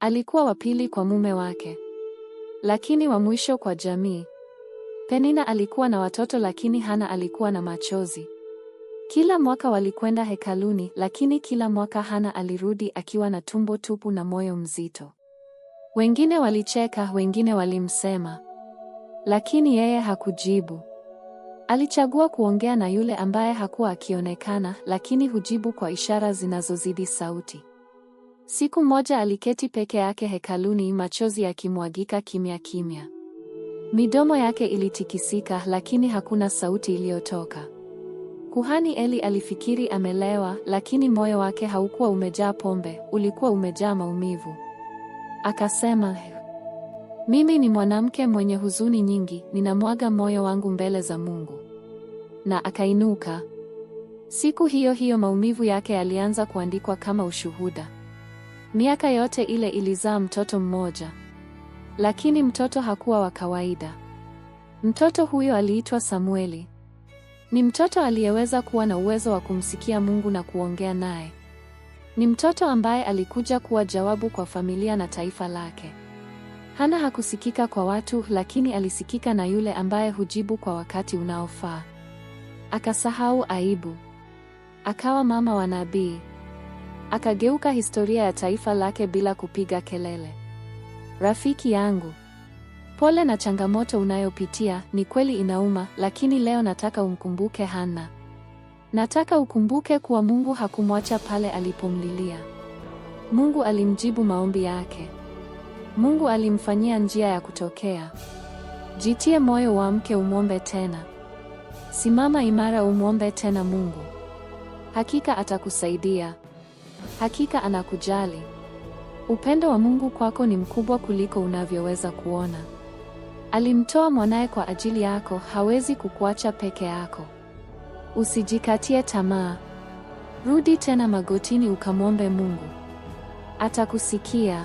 Alikuwa wa pili kwa mume wake, lakini wa mwisho kwa jamii. Penina alikuwa na watoto, lakini Hana alikuwa na machozi. Kila mwaka walikwenda hekaluni, lakini kila mwaka Hana alirudi akiwa na tumbo tupu na moyo mzito. Wengine walicheka, wengine walimsema, lakini yeye hakujibu. Alichagua kuongea na yule ambaye hakuwa akionekana, lakini hujibu kwa ishara zinazozidi sauti. Siku moja aliketi peke yake hekaluni, machozi yakimwagika kimya kimya. Midomo yake ilitikisika, lakini hakuna sauti iliyotoka. Kuhani Eli alifikiri amelewa, lakini moyo wake haukuwa umejaa pombe, ulikuwa umejaa maumivu. Akasema, mimi ni mwanamke mwenye huzuni nyingi, ninamwaga moyo wangu mbele za Mungu. Na akainuka. Siku hiyo hiyo maumivu yake yalianza kuandikwa kama ushuhuda. Miaka yote ile ilizaa mtoto mmoja, lakini mtoto hakuwa wa kawaida. Mtoto huyo aliitwa Samueli. Ni mtoto aliyeweza kuwa na uwezo wa kumsikia Mungu na kuongea naye. Ni mtoto ambaye alikuja kuwa jawabu kwa familia na taifa lake. Hana hakusikika kwa watu, lakini alisikika na yule ambaye hujibu kwa wakati unaofaa. Akasahau aibu, akawa mama wa nabii akageuka historia ya taifa lake bila kupiga kelele. Rafiki yangu, pole na changamoto unayopitia, ni kweli inauma, lakini leo nataka umkumbuke Hana. Nataka ukumbuke kuwa Mungu hakumwacha pale alipomlilia. Mungu alimjibu maombi yake. Mungu alimfanyia njia ya kutokea. Jitie moyo uamke, umwombe tena. Simama imara, umwombe tena Mungu. Hakika atakusaidia. Hakika anakujali. Upendo wa Mungu kwako ni mkubwa kuliko unavyoweza kuona. Alimtoa mwanaye kwa ajili yako, hawezi kukuacha peke yako. Usijikatie tamaa. Rudi tena magotini ukamwombe Mungu. Atakusikia.